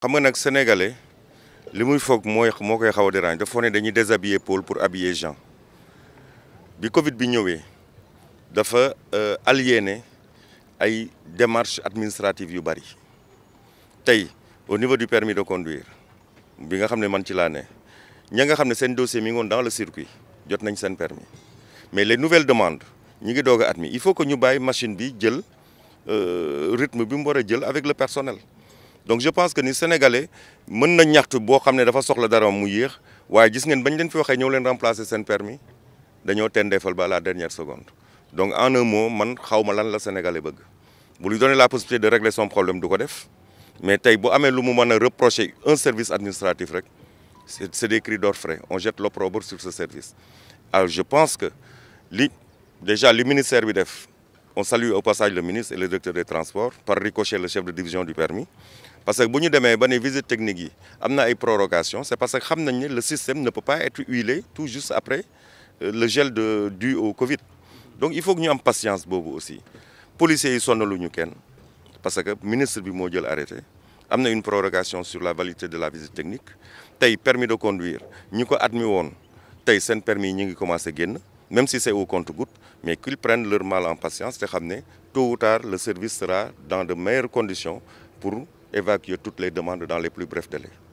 Comme nga nag sénégalais li muy foog mooy moo de xaw a dérange dafa dañuy déshabiller Paul pour habiller gens. bi Covid bi d'afin, dafa euh, aliéné ay démarches administratives yu bari Tay, au niveau du permis de conduire bi nga xam ne man ci laa que ña nga xam ne dossier mi dans le circuit jot nañ seen permis mais les nouvelles demandes il faut que ñu une machine bi jël euh, rythme bi mu jël avec le personnel donc je pense que ni sénégalais mën na ñaxtu boo xam des dafa soxla dara mu yéex waye gis ngeen bañ leen fi waxee ñëw leen remplacer des permis tende tendeefal ba la dernière seconde donc en un mot man xawma lan la sénégalais bëgg bu lui donnez la possibilité de régler son problème du ko def mais tay bu amé lu mu reprocher un service administratif c'est des cris d'orfraie on jette l'opprobre sur ce service alors je pense que Déjà, le ministère BDF, on salue au passage le ministre et le directeur des transports, par ricochet le chef de division du permis. Parce que si nous avons une visite technique, il a une prorogation, c'est parce que le système ne peut pas être huilé tout juste après euh, le gel dû au Covid. Donc il faut que nous ayons patience aussi. Les policiers sont dans le parce que le ministre a arrêté. Il a une prorogation sur la validité de la visite technique. Il permis de conduire. Nous avons admis, c'est un permis de commencer à même si c'est au compte-goutte, mais qu'ils prennent leur mal en patience, c'est ramener tôt ou tard, le service sera dans de meilleures conditions pour évacuer toutes les demandes dans les plus brefs délais.